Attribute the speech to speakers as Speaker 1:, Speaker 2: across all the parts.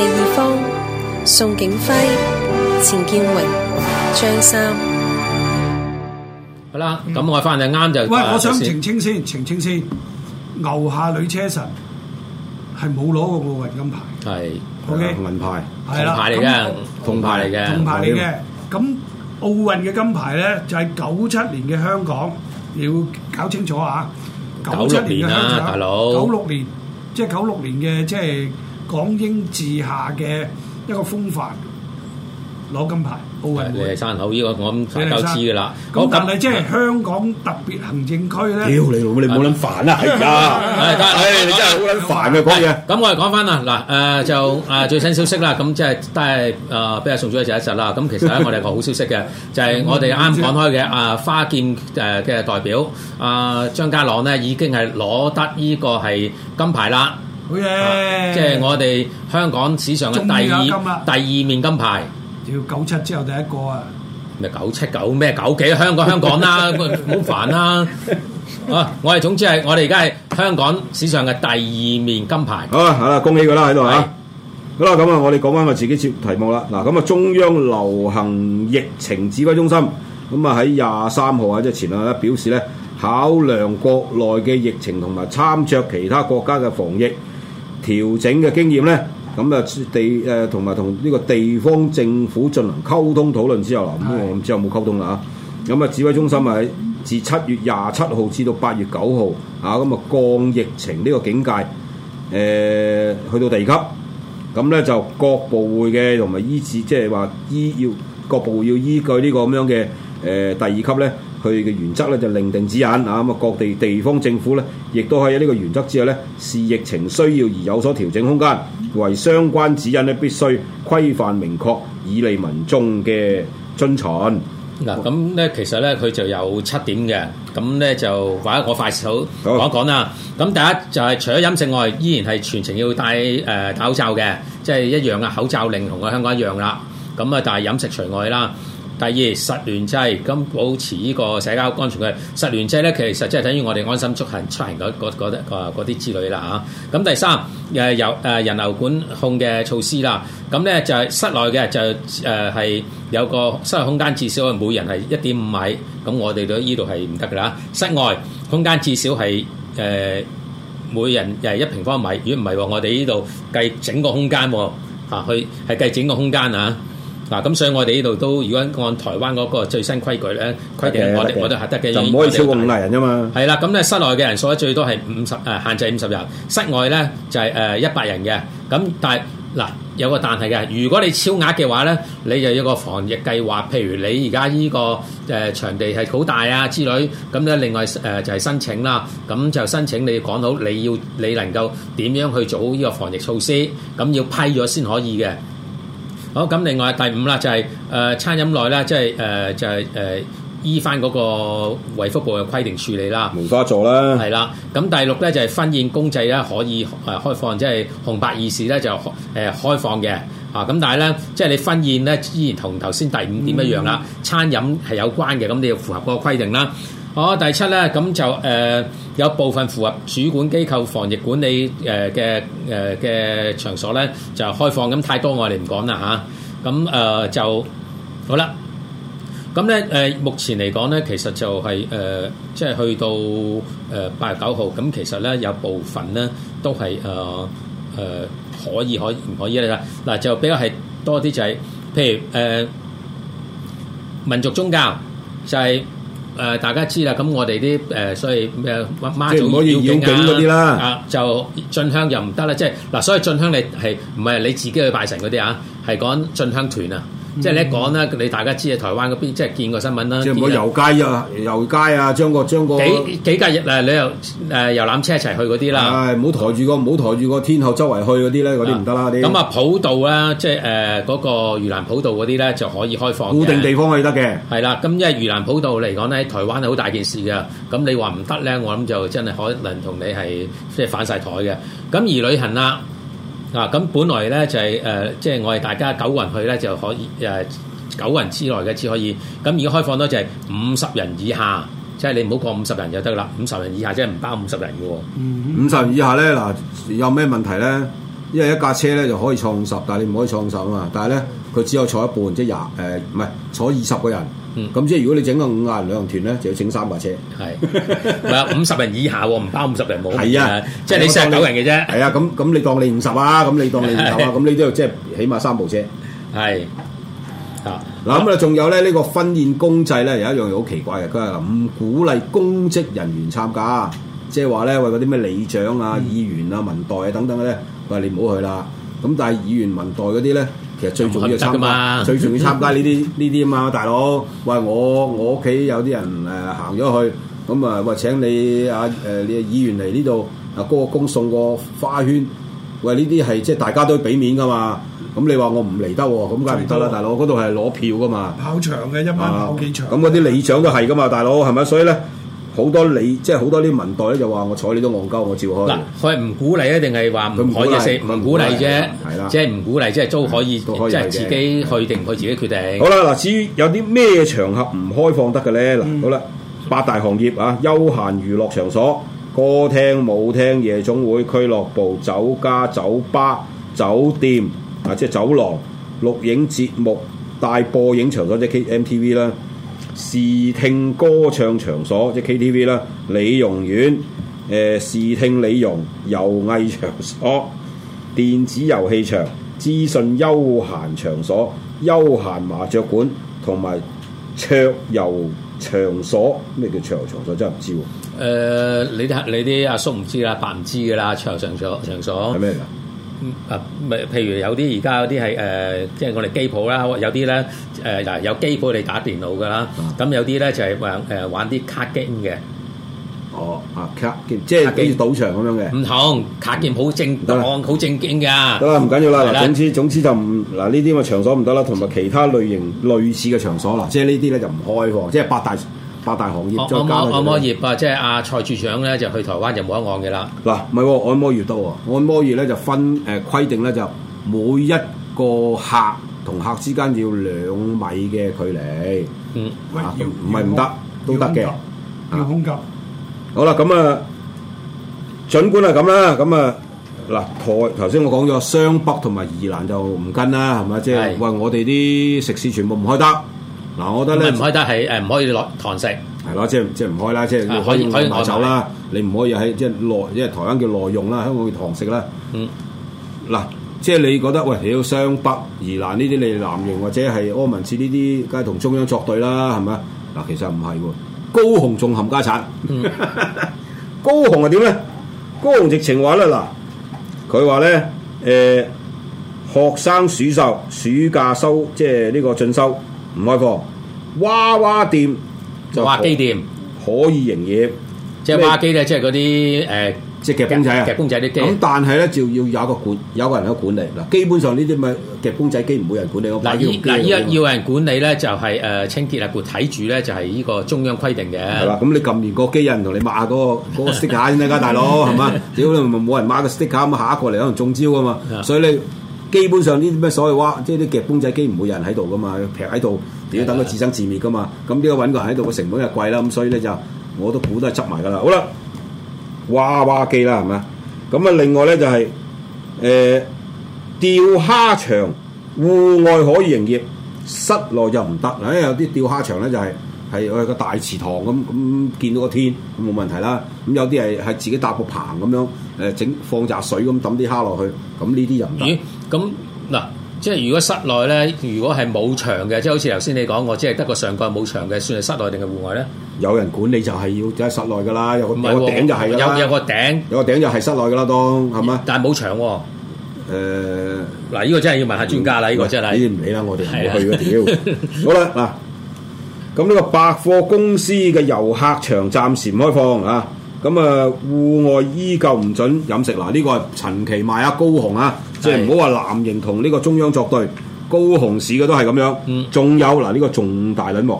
Speaker 1: 第二方宋景輝、錢建
Speaker 2: 榮、張三。好啦，
Speaker 3: 咁我翻嚟啱就喂，我想澄
Speaker 2: 清先，澄清先，牛下女車神係冇攞過奧運金牌，
Speaker 3: 係 OK，銀牌，銅牌嚟噶，銅牌嚟嘅，銅牌嚟嘅。
Speaker 2: 咁奧運嘅金牌咧，就係九七年嘅香港，你要搞清楚啊。
Speaker 3: 九七年嘅香港，九六
Speaker 2: 年，即係九六年嘅，即係。港英治下嘅一個風範，攞金牌奧運會，
Speaker 3: 你係生得好呢個我咁夠知噶啦。咁但係即係
Speaker 2: 香港特別行政區咧，屌你老母！你冇諗煩啊係㗎，係
Speaker 4: 你真係好撚煩呀講嘢。
Speaker 3: 咁我哋講翻啊嗱誒就誒最新消息啦，咁即係都係誒俾阿宋主席一集啦。咁其實咧，我哋係個好消息嘅，就係我哋啱講開嘅誒花劍誒嘅代表誒張家朗咧，已經係攞得呢個係金牌啦。
Speaker 2: 好嘅，即係我
Speaker 3: 哋香港史上嘅第二第二面金牌，
Speaker 2: 屌九七之後第一個啊，
Speaker 3: 咩九七九咩九幾？香港香港啦，唔好煩啦。啊，我哋總之係我哋而家係香港史上嘅第二面金牌。
Speaker 4: 好啊，好啊，恭喜佢啦喺度啊。好啦，咁啊，我哋講翻我自己接題目啦。嗱，咁啊，中央流行疫情指揮中心咁啊喺廿三號啊，即係前日咧表示咧，考量國內嘅疫情同埋參酌其他國家嘅防疫。調整嘅經驗咧，咁啊地誒同埋同呢個地方政府進行溝通討論之後啦，咁我唔知有冇溝通啦啊，咁啊指揮中心係，自七月廿七號至到八月九號啊，咁啊降疫情呢個警戒誒去到第二級，咁、嗯、咧就各部會嘅同埋依次即係話依要各部會要依據呢個咁樣嘅誒、呃、第二級咧。佢嘅原則咧就另定指引啊，咁啊各地地方政府咧亦都喺呢個原則之下咧，視疫情需要而有所調整空間，為相關指引咧必須規範明確，以利民眾嘅遵從。
Speaker 3: 嗱，咁咧其實咧佢就有七點嘅，咁咧就話我快手講一講啦。咁第一就係除咗飲食外，依然係全程要戴誒戴口罩嘅，即係一樣啊，口罩令同我香港一樣啦。咁啊，但係飲食除外啦。第二，實聯制，咁保持呢個社交安全嘅實聯制咧，其實即係等於我哋安心出行出行嗰嗰嗰啲嗰嗰啲之類啦嚇。咁第三誒有誒人流管控嘅措施啦。咁咧就係室內嘅就誒係有個室內空間至少係每人係一點五米。咁我哋都呢度係唔得㗎啦。室外空間至少係誒每人係一平方米。如果唔係喎，我哋呢度計整個空間喎嚇，去係計整個空間啊！嗱，咁、啊嗯、所以我哋呢度都如果按台灣嗰個最新規矩咧，規定的我哋我都係得嘅，就唔可以超過
Speaker 4: 五廿人啫嘛。
Speaker 3: 係啦、嗯，咁、啊、咧、嗯、室內嘅人數咧，最多係五十，誒限制五十人。室外咧就係誒一百人嘅。咁、啊、但係嗱、啊、有個但係嘅，如果你超額嘅話咧，你就一個防疫計劃。譬如你而家呢個誒、呃、場地係好大啊之類，咁、啊、咧另外誒、呃、就係、是、申請啦。咁、啊嗯、就申請你要講好，你要你能夠點樣去做好呢個防疫措施，咁、啊、要批咗先可以嘅。好咁，另外第五啦，就係、是、誒、呃、餐飲內咧，即係誒、呃、就係誒依翻嗰個衛福部嘅規定處理啦。梅花座啦，係啦。咁第六咧就係、是、婚宴公祭咧可以誒開放，即係紅白二事咧就誒開放嘅。嚇咁，但係咧即係你婚宴咧，依然同頭先第五點一樣啦。嗯、餐飲係有關嘅，咁你要符合嗰個規定啦。好，第七咧，咁就誒、呃、有部分符合主管機構防疫管理誒嘅誒嘅場所咧，就開放咁太多，我哋唔講啦嚇。咁、啊、誒、呃、就好啦。咁咧誒，目前嚟講咧，其實就係、是、誒、呃，即係去到誒八月九號，咁其實咧有部分咧都係誒誒可以可以唔可以咧啦。嗱、呃，就比較係多啲就係、是，譬如誒、呃、民族宗教就係、是。誒、呃、大家知啦，咁我哋啲誒所以咩、啊、媽祖廟廟嘅嗰啲啦，就啊，啊，啊就進香又唔得啦，即係嗱，所以進香你係唔係你自己去拜神嗰啲啊？係講進香團啊。嗯、即係你一講啦，你大家知啊，台灣嗰邊即係見過新聞啦。即係唔好遊街啊，
Speaker 4: 遊街啊，將個將個幾
Speaker 3: 幾家日誒旅遊誒遊覽車一齊去嗰啲啦。誒
Speaker 4: 唔好抬住個唔好抬住個天后周圍去嗰啲咧，嗰啲唔得啦。咁啊、嗯些，
Speaker 3: 普渡啦，即係誒嗰個盂蘭普渡嗰啲咧就可以開放。固定地方可以得嘅。係啦，咁因為盂蘭普渡嚟講咧，台灣係好大件事嘅。咁你話唔得咧，我諗就真係可能同你係即係反晒枱嘅。咁而旅行啦。嗱，咁本來咧就係誒，即係我哋大家九個人去咧，就可以誒九個人之內嘅只可以。咁而家開放咗就係五十人以下，即係你唔好過五十人就得啦。五十人以下即係唔包五十人
Speaker 4: 嘅喎。五十人以下咧，嗱有咩問題咧？因為一架車咧就可以坐五十，但係你唔可以坐五十啊嘛。但係咧，佢只有坐一半，即係廿誒，唔係坐二十個人。咁、嗯、即係如果你整個五十人旅行團咧，就要請三架車。
Speaker 3: 係，唔係五十人以下喎，唔包五十人冇。係啊，即係你四九人嘅啫。
Speaker 4: 係啊，咁咁你當你五十啊，咁你當你五十啊，咁、啊、你啲又即係起碼三部車。係。啊，嗱咁啊，仲有咧呢、這個婚宴公祭咧，有一樣嘢好奇怪嘅，佢話唔鼓勵公職人員參加，即係話咧為嗰啲咩理長啊、嗯、議員啊、民代啊等等嘅咧，佢話你唔好去啦。咁但係議員民代嗰啲咧。其實最重要參加，可可最重要參加呢啲呢啲啊嘛，大佬。喂，我我屋企有啲人誒、呃、行咗去，咁啊喂，請你啊你嘅、呃、議員嚟呢度啊，過個功送個花圈。喂，呢啲係即係大家都要俾面噶嘛。咁、嗯、你話我唔嚟得喎，咁梗係唔得啦，大佬。嗰度係攞票噶嘛。
Speaker 2: 跑場嘅一晚跑
Speaker 4: 幾場？咁嗰啲里長都係噶嘛，大佬係咪？所以咧。好多你即係好多啲民代咧，就話我睬你都戇鳩，我照開。嗱，
Speaker 3: 佢係唔鼓勵咧，定係話佢唔可以嘅事？唔鼓勵啫，即係唔鼓勵，即係都可以，即係自己去定佢的自己決定。好啦，嗱，
Speaker 4: 至於有啲咩場合唔開放得嘅咧？嗱、嗯，好啦，八大行業啊，休閒娛樂場所、歌廳、舞廳、夜總會、俱樂部、酒家、酒吧、酒店啊，即係酒廊、錄影節目、帶播影場所，即係 K M T V 啦。視聽歌唱場所，即係 KTV 啦，理容院，誒、呃，視聽理容遊藝場所，電子遊戲場，資訊休閒場所，休閒麻雀館，同埋桌遊場所。咩叫桌遊場所？真係唔知喎、啊
Speaker 3: 呃。你睇下，你啲阿叔唔知啦，扮唔知噶啦，桌遊場所，場所係咩嚟噶？啊，咪譬如有啲而家嗰啲係誒，即係我哋機鋪啦，有啲咧誒嗱有機鋪你打電腦噶啦，咁有啲咧就係玩誒玩啲卡 game 嘅。哦，啊卡即係幾似賭場咁樣嘅。唔同卡 game 好正，好正經㗎。得啦，唔緊要啦，嗱總
Speaker 4: 之總之就唔嗱呢啲個場所唔得啦，同埋其他類型類似嘅場所啦，即係呢啲咧就唔開喎，即係八大。八大行業再搞按摩
Speaker 3: 業啊，即係阿蔡處長咧就去台灣就冇得按嘅
Speaker 4: 啦。嗱，唔係按摩業都啊，按摩業咧就分誒規定咧就每一個客同客之間要兩米嘅距離。嗯，唔係唔得，都得嘅。要
Speaker 2: 空
Speaker 4: 間。好啦，咁啊，盡管係咁啦，咁啊嗱，台頭先我講咗，雙北同埋宜蘭就唔跟啦，係咪？即係喂，我哋啲食肆全部唔開得。嗱，我覺得咧唔是
Speaker 3: 可以得係誒，
Speaker 4: 唔可以攞堂食。係咯，即係即係唔開啦，即係可以攞走啦。你唔可以喺即係內，因為台灣叫內用啦，香港叫堂食啦。嗯。嗱，即係你覺得喂，你要雙北宜蘭呢啲，你哋藍營或者係柯文哲呢啲，梗係同中央作對啦，係咪啊？嗱，其實唔係喎，高雄仲冚家鏟。嗯、 高雄係點咧？高雄直情話咧，嗱，佢話咧誒，學生暑修暑假收，即係呢個進修。唔開課，娃娃店、娃娃機店可以營業，即係娃娃機咧，即係嗰啲誒，即係夾公仔、夾公仔啲機。咁但係咧，就要有個管，有個人去管理嗱。基本上呢啲咪夾公仔機唔冇人管理，我擺喺機度。嗱，依一要人管理咧，
Speaker 3: 就係誒清潔啦，管睇住咧，就係依個中央規定嘅。係啦，咁你撳完個機，有人同你抹下
Speaker 4: 嗰個嗰個 sticker 先得㗎，大佬係嘛？屌你咪冇人抹個 sticker，咁下一個嚟可能中招㗎嘛，所以你。基本上呢啲咩所謂哇，即係啲夾公仔機唔會有人喺度噶嘛，劈喺度，屌等佢自生自滅噶嘛。咁呢個揾個人喺度嘅成本又貴啦，咁、嗯、所以咧就，我都估都係執埋噶啦。好啦，娃娃機啦係嘛？咁啊另外咧就係誒釣蝦場，戶外可以營業，室內就唔得嗱。有啲釣蝦場咧就係、是。係我係個大池塘咁，咁見到個天，咁冇問題啦。咁有啲係係自己搭個棚咁樣誒，整、呃、放扎水咁，抌啲蝦落去。咁呢啲又唔得。咁嗱，即係
Speaker 3: 如果室內咧，如果係冇牆嘅，即係好似頭先你
Speaker 4: 講，我即係得個上蓋冇牆嘅，算係室內定係戶外咧？有人管理就係要喺室內噶啦，有個頂就係啦，有有個頂，有個頂就係室內噶啦，當係咪？但係冇牆喎。嗱、
Speaker 3: 呃、呢、呢個真係要問下專家啦，呢、呢個真係。呢啲唔理啦，我哋唔 好去嗰條。
Speaker 4: 好啦嗱。喇咁呢個百貨公司嘅遊客場暫時唔開放啊！咁啊戶外依舊唔准飲食嗱，呢、啊這個係陳其邁啊高雄啊，即係唔好話藍營同呢個中央作對，高雄市嘅都係咁樣。仲、嗯、有嗱呢、啊這個重大新聞，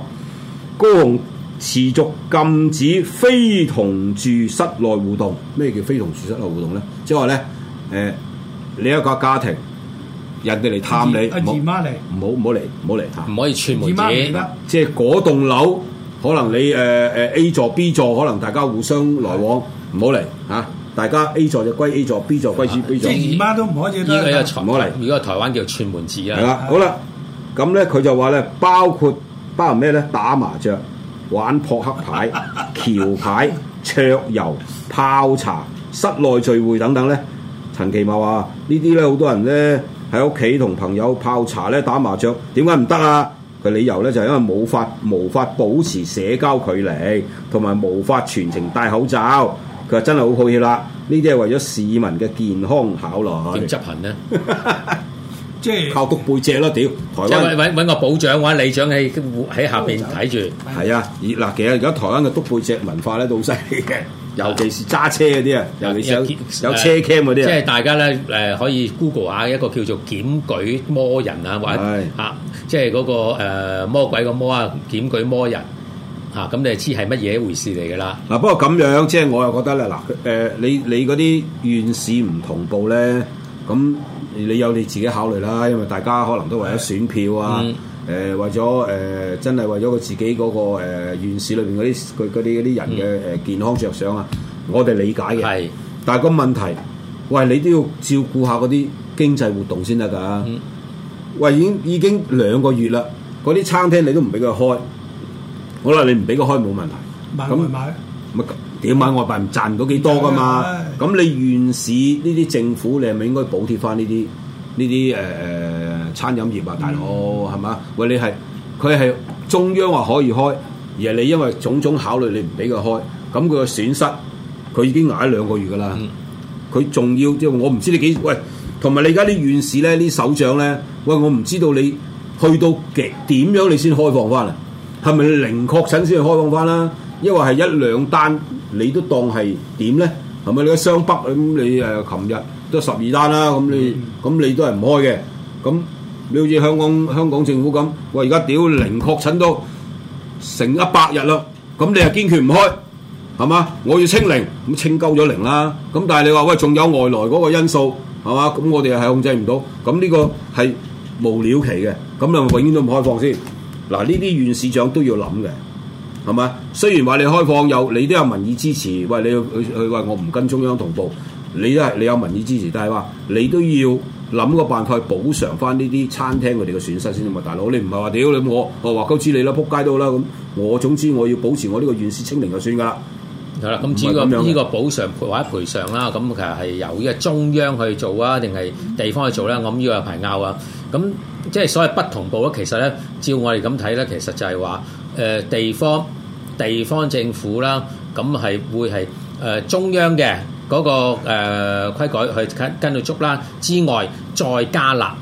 Speaker 4: 高雄持續禁止非同住室內互動。咩叫非同住室內互動咧？即係話咧，誒、呃，你一個家庭。人哋嚟探你，姨媽嚟，唔好唔好嚟，唔好嚟嚇。唔可以串門子。即係嗰棟樓，可能你誒誒、呃、A 座、B 座，可能大家互相來往，唔好嚟嚇。大家 A 座就歸 A 座，B 座歸 B 座。即姨媽都唔可以呢，都唔可以。如果係台灣叫串門子啦。係啦、啊，的好啦，咁咧佢就話咧，包括包含咩咧？打麻雀、玩撲克牌、 橋牌、桌遊、泡茶、室內聚會等等咧，陳其茂話呢啲咧，好多人咧。喺屋企同朋友泡茶咧打麻雀，點解唔得啊？佢理由咧就係、是、因為冇法冇法保持社交距離，同埋冇法全程戴口罩。佢話真係好抱歉啦，呢啲係為咗市民嘅健康考慮。點執行咧？即係 靠督背脊咯，屌！台灣即係揾揾個保長或者理長喺喺下邊睇住。係啊，其實而家台灣嘅督背脊文化咧都好犀利嘅。尤其是揸車嗰啲啊，尤其是有、呃、有車 cam 嗰啲啊，即係大
Speaker 3: 家咧誒可以 Google 下一個叫做檢舉魔人啊，或者嚇是、啊，即係嗰、那個、呃、魔鬼個魔啊，檢舉魔人嚇，咁、啊、你就知係乜嘢一回事嚟噶啦？
Speaker 4: 嗱、啊，不過咁樣即係、就是、我又覺得咧，嗱、呃、誒，你你嗰啲縣市唔同步咧，咁你有你自己考慮啦，因為大家可能都為咗選票啊。誒為咗誒真係為咗佢自己嗰個誒縣市裏邊嗰啲啲啲人嘅誒健康着想啊，我哋理解嘅。係。但係個問題，喂，你都要照顧下嗰啲經濟活動先得㗎。喂，已經已經兩個月啦，嗰啲餐廳你都唔俾佢開。好啦，你唔俾佢開冇問題。咁咪點買外幣？賺唔到幾多㗎嘛？咁你縣市呢啲政府，你係咪應該補貼翻呢啲呢啲誒誒？餐飲業啊，大佬係嘛？喂，你係佢係中央話可以開，而係你因為種種考慮，你唔俾佢開，咁佢嘅損失佢已經挨咗兩個月噶啦。佢仲、嗯、要即係我唔知你幾喂，同埋你而家啲院士咧、啲首長咧，喂，我唔知道你去到極點樣你先開放翻嚟，係咪零確診先去開放翻啦？因為係一兩單你都當係點咧？係咪你喺雙北咁你誒？琴日都十二單啦，咁你咁你都係唔開嘅，咁。你好似香港香港政府咁，喂而家屌零確診都成一百日啦，咁你又堅決唔開，係嘛？我要清零，咁清鳩咗零啦，咁但係你話喂仲有外來嗰個因素，係嘛？咁我哋係控制唔到，咁呢個係無了期嘅，咁你永遠都唔開放先。嗱，呢啲縣市長都要諗嘅，係嘛？雖然話你開放有，你都有民意支持，喂你去佢話我唔跟中央同步，你都係你有民意支持，但係話你都要諗個辦法去補償翻呢啲餐廳佢哋嘅損失先啊嘛，大佬你唔係話屌你，你我哦話鳩知你啦，撲街都好啦咁，我總之我要保持我呢個院士清零就算噶啦。係啦，咁至
Speaker 3: 於個呢個補償或者賠償啦，咁其實係由呢個中央去做啊，定係地方去做咧？咁呢個有排拗啊。咁即係所謂不同步咧，其實咧，照我哋咁睇咧，其實就係話誒地方地方政府啦，咁係會係誒、呃、中央嘅。嗰、那個誒、呃、規改去跟跟到足啦，之外再加辣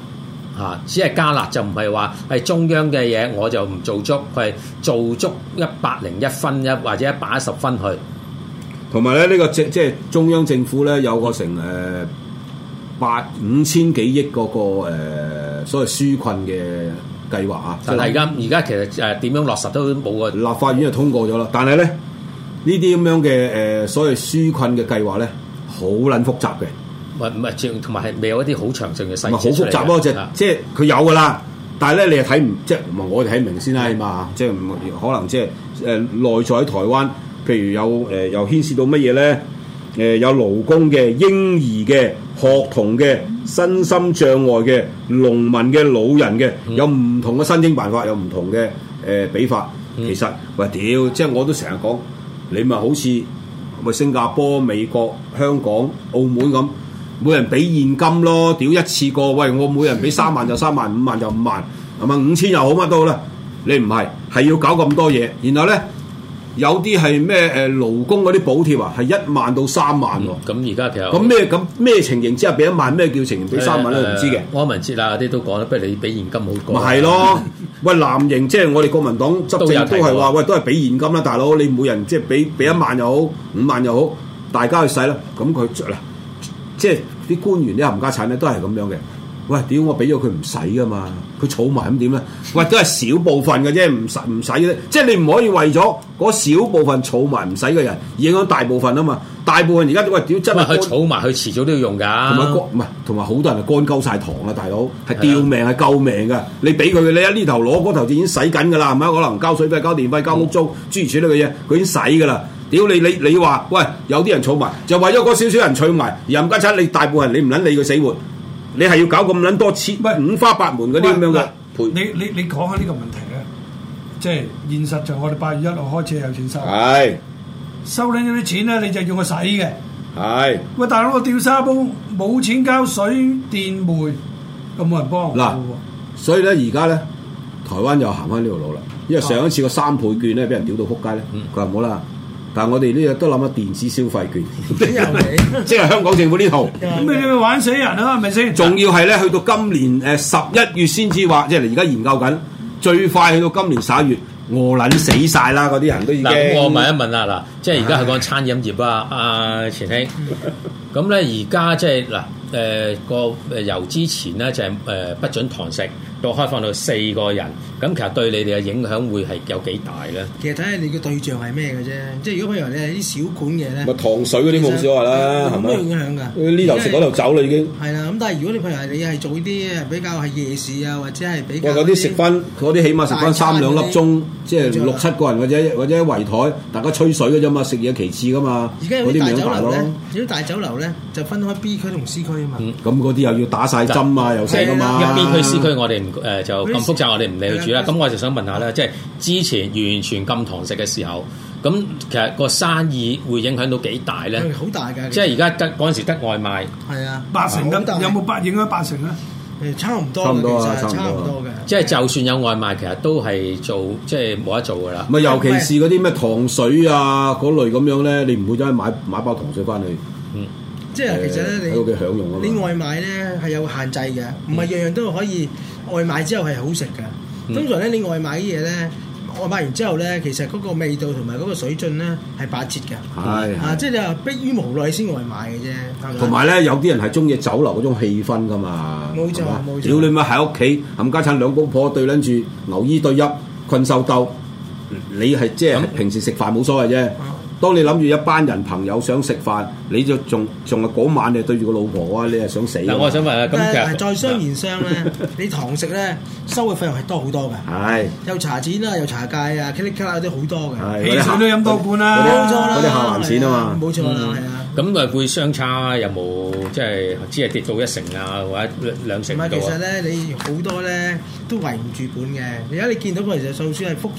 Speaker 3: 嚇、啊，只係加辣就唔係話係中央嘅嘢，我就唔做足，佢係做足一百零一分一或者一百一十分去。
Speaker 4: 同埋咧，呢、這個政即係中央政府咧，有個成誒百、呃、五千幾億嗰、那個、呃、所謂紓困嘅計劃啊。但係而家而家其實誒點、呃、樣落實都冇啊！立法院就通過咗啦，但係咧。呢啲咁樣嘅誒、呃，所謂紓困嘅計劃咧，好撚複雜嘅，唔唔係，同埋係未有一啲好詳盡嘅細節唔係好複雜咯，即係即係佢有噶啦，但係咧你又睇唔即係，唔、就、係、是、我哋睇明先啦嘛，即係可能即係誒內在喺台灣，譬如有誒、呃、又牽涉到乜嘢咧？誒、呃、有勞工嘅、嬰兒嘅、學童嘅、身心障礙嘅、農民嘅、老人嘅，有唔同嘅申請辦法，有唔同嘅誒比法。其實喂，屌、呃呃呃，即係我都成日講。你咪好似喂新加坡、美國、香港、澳門咁，每人俾現金咯，屌一次過，喂我每人俾三萬就三萬，五萬就五萬，係咪五千又好乜都好啦？你唔係，係要搞咁多嘢，然後咧。有啲係咩誒勞工嗰啲補貼啊，係一萬到三萬喎。咁而家其實咁咩咁咩情形之下俾一萬？咩叫情形俾三萬咧？唔、呃、知嘅。
Speaker 3: 柯文哲啊，啲都講，不如你俾現金好講、啊。咪係咯，
Speaker 4: 喂，藍營即係我哋國民黨執政都係話，喂，都係俾現金啦，大佬你每人即係俾俾一萬又好，五萬又好，大家去使啦。咁佢着嗱，即係啲官員啲冚家產咧，都係咁樣嘅。喂，屌我俾咗佢唔使㗎嘛？佢儲埋咁點咧？喂，都係少部分嘅啫，唔使唔使咧。即係你唔可以為咗嗰少部分儲埋唔使嘅人，影響大部分啊嘛。大部分而家都話：屌真係佢儲埋，佢遲早都要用㗎、啊。同埋唔係，同埋好多人乾鳩晒糖啊！大佬係吊命係的救命㗎。你俾佢，你喺呢頭攞嗰頭，佢已經使緊㗎啦。係咪可能交水費、交電費、交屋租、嗯、諸如此類嘅嘢，佢已經使㗎啦。屌你你你話，喂，有啲人儲埋，就為咗嗰少少人儲埋，任家產你大部份，你唔捻理佢死活。你係要搞咁撚多次，喂五花八門嗰啲咁樣噶喂
Speaker 2: 陪？你你你講下呢個問題咧，即、就、係、是、現實就我哋八月一號開始有錢收，的收咗啲錢咧你就用去使嘅。的喂，大佬我吊沙煲冇錢交水電煤，咁冇人幫。嗱，
Speaker 4: 所以咧而家咧，台灣又行翻呢條路啦，因為上一次個三倍券咧俾人屌到撲街咧，佢話唔好啦。嗱，我哋呢日都諗下電子消費券，
Speaker 2: 即 係香
Speaker 4: 港政府 呢套，咁你咪玩死人咯，係咪先？仲要係咧，去到今年誒十一月先至話，即係而家研究緊，最快去到今年十一月，餓撚死晒啦！嗰啲人都已經。我問一問
Speaker 3: 啦，嗱，即係而家係講餐飲業啊，阿唉、呃、錢兄，咁咧而家即係嗱誒個遊之前咧就係誒不准堂食，個開放到四個人，咁其實對你哋嘅影響會係有幾大咧？
Speaker 1: 其實睇下你嘅對象係咩嘅啫，即係如果譬如你係啲小館嘢咧，
Speaker 4: 糖
Speaker 3: 水嗰啲冇所謂啦，係咪？冇咩影
Speaker 1: 響㗎。呢頭食嗰頭走啦已經。係啦，咁但係如果你譬如你係做啲比較係夜市啊，或者係比較，我嗰
Speaker 4: 啲食翻，嗰啲起碼食翻三兩粒鐘，即係六七個人嘅啫，或者圍台大家吹水嘅啫嘛，食嘢其次㗎嘛。而
Speaker 1: 家啲大酒樓咧。如果大酒樓咧，就分開 B 區同 C 區啊嘛。
Speaker 4: 嗯，咁嗰啲又要打晒針啊，又咩㗎嘛？一 B 區 C
Speaker 3: 區，我哋唔。誒、呃、就咁複雜，嗯、我哋唔理佢住啦。咁我就想問下咧，嗯、即係之前完全禁堂食嘅時候，咁其實個生意會影響到幾大咧？好大㗎！即係而家得嗰陣時得外賣，係
Speaker 2: 啊，八成咁得，大有冇八影響八成咧？誒，差唔多嘅，多其實差唔多嘅。多
Speaker 3: 即係就算有外賣，其實都係做即係冇得做㗎
Speaker 4: 啦。唔係、嗯，尤其是嗰啲咩糖水啊嗰類咁樣咧，你唔會走去買買包糖水翻去，嗯。
Speaker 3: 即
Speaker 1: 係其實咧，你你外賣咧係有限制嘅，唔係樣樣都可以外賣之後係好食嘅。通常咧，你外賣啲嘢咧，外賣完之後咧，其實嗰個味道同埋嗰個水準咧係八折嘅。係啊，即係你話迫於無奈先外賣嘅啫。啱唔啱？同埋咧，
Speaker 4: 有啲人係中意酒樓嗰種氣氛噶嘛。冇錯，冇錯。屌你咪喺屋企冚家鏟，兩公婆對撚住牛衣對泣，困獸鬥。你係即係平時食飯冇所謂啫。當你諗住一班人朋友想食飯。你就仲仲係嗰晚你對住個老婆啊，你係想死嗱？我想問下，咁其實
Speaker 1: 在商言商咧，你堂食咧收嘅費用係多好多嘅，係有茶錢啦，有茶芥啊，kalika 嗰啲好多嘅，喜酒都飲多半啦，冇錯啦，嗰啲下飯錢啊嘛，冇錯啦，係啊。
Speaker 3: 咁咪會相差有冇即係只係跌到一成啊，或者兩成？唔係，其實
Speaker 1: 咧，你好多咧都圍唔住本嘅。而家你見到嗰啲其實就算係復，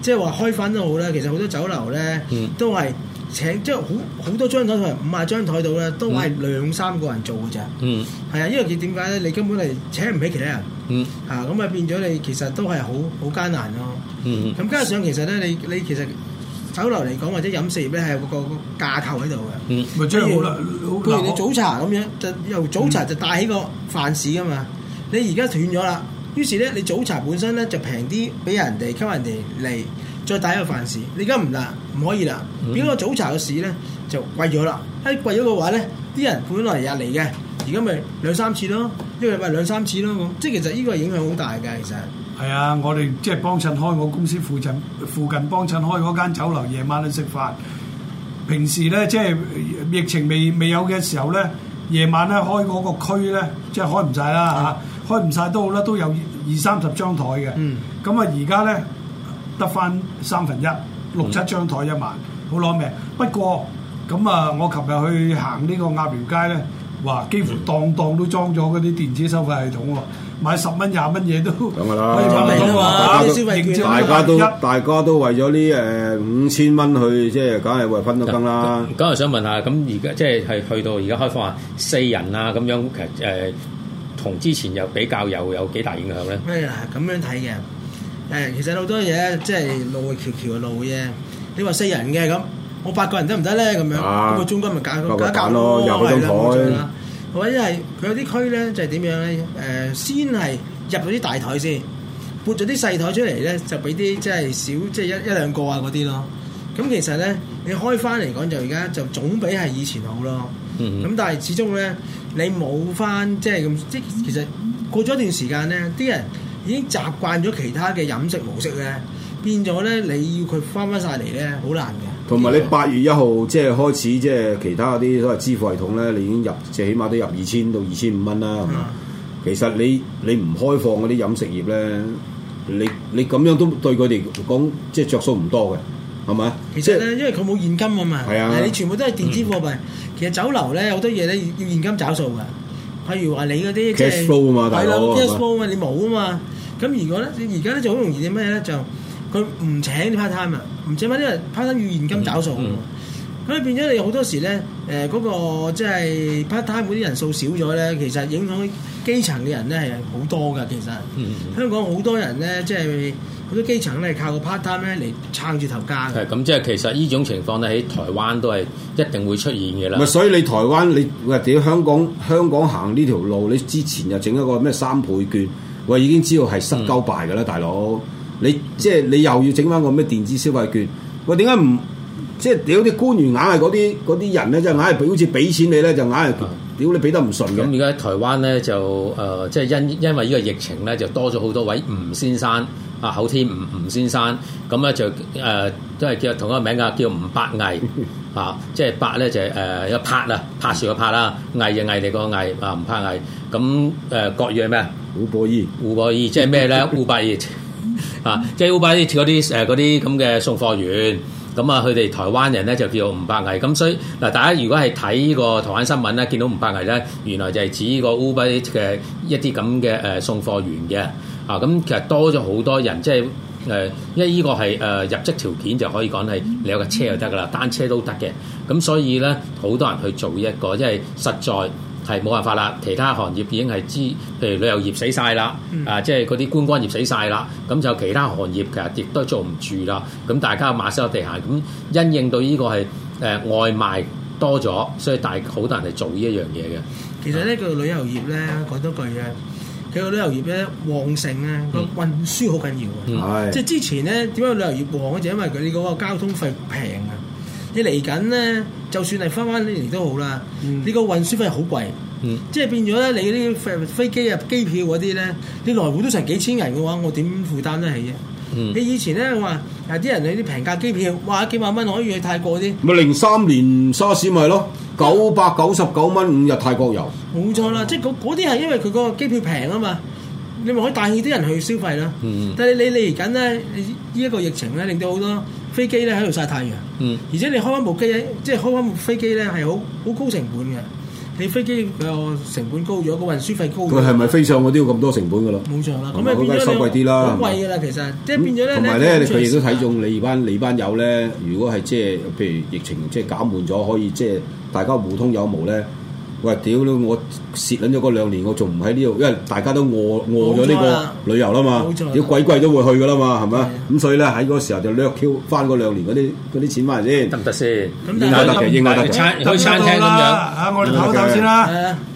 Speaker 1: 即係話開翻都好啦。其實好多酒樓咧都係。請即係好好多張台，五啊張台度咧，都係兩三個人做嘅咋。嗯，係啊，因為點點解咧？你根本係請唔起其他人。嗯，啊，咁啊變咗你其實都係好好艱難咯。咁、嗯嗯、加上其實咧，你你其實酒樓嚟講或者飲食業咧，係有個個架構喺度
Speaker 2: 嘅。譬如你
Speaker 1: 早茶咁樣，就由早茶就帶起個飯市噶嘛。你而家斷咗啦，於是咧你早茶本身咧就平啲，俾人哋勾人哋嚟。再大一個飯市，你而家唔大唔可以啦，變個、嗯、早茶嘅市咧就貴咗啦。喺貴咗嘅話咧，啲人本來日嚟嘅，而家咪兩三次咯，一個禮拜兩三次咯咁。即係其實呢個影響好大嘅，其實。
Speaker 2: 係啊，我哋即係幫襯開我公司附近附近幫襯開嗰間酒樓，夜晚去食飯。平時咧，即係疫情未未有嘅時候咧，夜晚咧開嗰個區咧，即係開唔晒啦嚇，係啊開唔晒都好啦，都有二三十張台嘅。嗯。咁啊，而家咧。得翻三分一六七張台一萬，好攞命。不過咁啊，我琴日去行呢個鴨寮街咧，哇！幾乎檔檔都裝咗嗰啲電子收費系統喎，買十蚊廿蚊嘢都咁啊啦，嗰啲消費券啦大家
Speaker 4: 都大家都為咗呢誒五千蚊去，即係梗係為分咗羹啦。咁又、嗯嗯、
Speaker 3: 想問下，咁而家即係係去到而家開放啊，四人啊咁樣，其實誒同、呃、之前又比較又有，有幾大影響咧？咩？
Speaker 1: 咁樣睇嘅。誒，其實好多嘢，即係路橋橋嘅路嘢。你話四人嘅咁，我八、啊、個人得唔得咧？咁樣咁，我中間咪搞減減咯，又好多座位啦。或者係佢有啲區咧，就係、是、點樣咧？誒、呃，先係入咗啲大台先，撥咗啲細台出嚟咧，就俾啲即係少，即、就、係、是就是、一一兩個啊嗰啲咯。咁、嗯嗯、其實咧，你開翻嚟講，就而家就總比係以前好咯。咁、嗯嗯、但係始終咧，你冇翻即係咁，即係其實過咗一段時間咧，啲人。已經習慣咗其他嘅飲食模式咧，變咗咧你要佢翻翻晒嚟咧，好難嘅。
Speaker 4: 同埋你八月一號即係開始，即係其他啲所謂支付系統咧，你已經入即係起碼都入二千到二千五蚊啦，係嘛？嗯、其實你你唔開放嗰啲飲食業咧，你你咁樣都對佢哋講即係着數唔多嘅，係咪？其實咧，就是、因為佢冇現金啊嘛，係啊，但你全部都係電子
Speaker 1: 貨幣。嗯、其實酒樓咧好多嘢咧要現金找數嘅。譬如話你嗰啲即係，係啦 cash flow 嘛，你冇啊嘛。咁如果咧，你而家咧就好容易呢，啲咩咧就佢、係、唔請 part time 啊，唔請嘛，啲人 part time 要現金找數。咁啊、嗯嗯、變咗你好多時咧，誒、呃、嗰、嗰個即係 part time 嗰啲人數少咗咧，其實影響基層嘅人咧係好多噶。其實、嗯嗯、香港好多人咧即係。即係嗰啲基層咧靠個 part time 咧嚟撐住頭家。
Speaker 3: 係咁，即係其實呢種情況咧喺台灣都係一定會出現嘅啦、嗯。唔所
Speaker 4: 以你台灣你喂，屌香港香港行呢條路，你之前又整一個咩三倍券，我已經知道係失交敗嘅啦，大佬。你即係你又要整翻個咩電子消費券，我點解唔即係屌啲官員硬係嗰啲嗰啲人咧，即係硬係好似俾錢你咧就硬係。嗯。如果你俾得唔順咁？
Speaker 3: 而家台灣咧就誒、呃，即係因因為呢個疫情咧，就多咗好多位吳先生，啊，口天吳吳先生咁咧就誒，都係叫同一個名啊，叫吳伯毅啊，即係伯咧就誒、是、一、呃、拍，拍，拍啊，拍攝個拍啦，毅就毅嚟個毅啊，吳伯毅咁誒、啊呃，國語係咩？胡博醫，胡博醫即係咩咧？胡百熱啊，即係胡百熱嗰啲誒嗰啲咁嘅送貨員。咁啊，佢哋台灣人咧就叫吳柏毅，咁所以嗱，大家如果係睇呢個台灣新聞咧，見到吳柏毅咧，原來就係指呢個 Uber 嘅一啲咁嘅誒送貨員嘅啊，咁其實多咗好多人，即係誒，因為呢個係誒、呃、入職條件就可以講係你有架車就得噶啦，單車都得嘅，咁所以咧好多人去做一個，即係實在。係冇辦法啦，其他行業已經係知，譬如旅遊業死晒啦，嗯、啊，即係嗰啲觀光業死晒啦，咁就其他行業其實亦都做唔住啦，咁大家馬死落地行啊！咁因應到呢個係誒、呃、外賣多咗，所以大好多人係做呢一樣嘢嘅。
Speaker 1: 其實呢佢旅遊業咧講多句嘅，佢個旅遊業咧旺盛啊，個運輸好緊要嘅，嗯、即係之前咧點解旅遊業旺咧？就因為佢嗰個交通費平啊。你嚟緊咧，就算係翻翻嚟都好啦。嗯、你個運輸費好貴，嗯、即係變咗咧，你啲飛機啊、機票嗰啲咧，你來回都成幾千人嘅話，我點負擔得起啊？你、嗯、以前咧話，嗱啲人你啲平價機票，哇幾萬蚊可以去泰國啲。
Speaker 4: 咪零三年沙士咪係咯，九百九十九蚊五日泰國遊。
Speaker 1: 冇錯啦，即係嗰啲係因為佢個機票平啊嘛，你咪可以帶起啲人去消費啦。嗯、但係你嚟緊咧，呢、這、一個疫情咧，令到好多。飛機咧喺度晒太陽，嗯，而且你開翻部機咧，即係開翻部飛機咧係好好高成本嘅，你飛機嘅成本高咗，個運輸費高。佢係咪飛
Speaker 4: 上我都要咁多成本噶咯？冇錯啦，咁咪、嗯、收貴啲啦，貴嘅啦
Speaker 1: 其實。即係變咗咧。同埋咧，佢亦、嗯、都睇
Speaker 4: 中你班嗎你班友咧，如果係即係譬如疫情即係減緩咗，可以即係大家互通有無咧。喂，屌，我蝕卵咗嗰兩年，我仲唔喺呢度，因為大家都餓餓咗呢個旅遊啦嘛，屌鬼鬼都會去噶啦嘛，係咪？咁所以咧喺嗰時候就略翹翻嗰兩年嗰啲啲錢翻嚟先。得唔得先，應該得嘅、嗯、應該得嘅。
Speaker 1: 去餐廳咁樣 up，嚇來我哋唞唞先啦。
Speaker 2: Uh,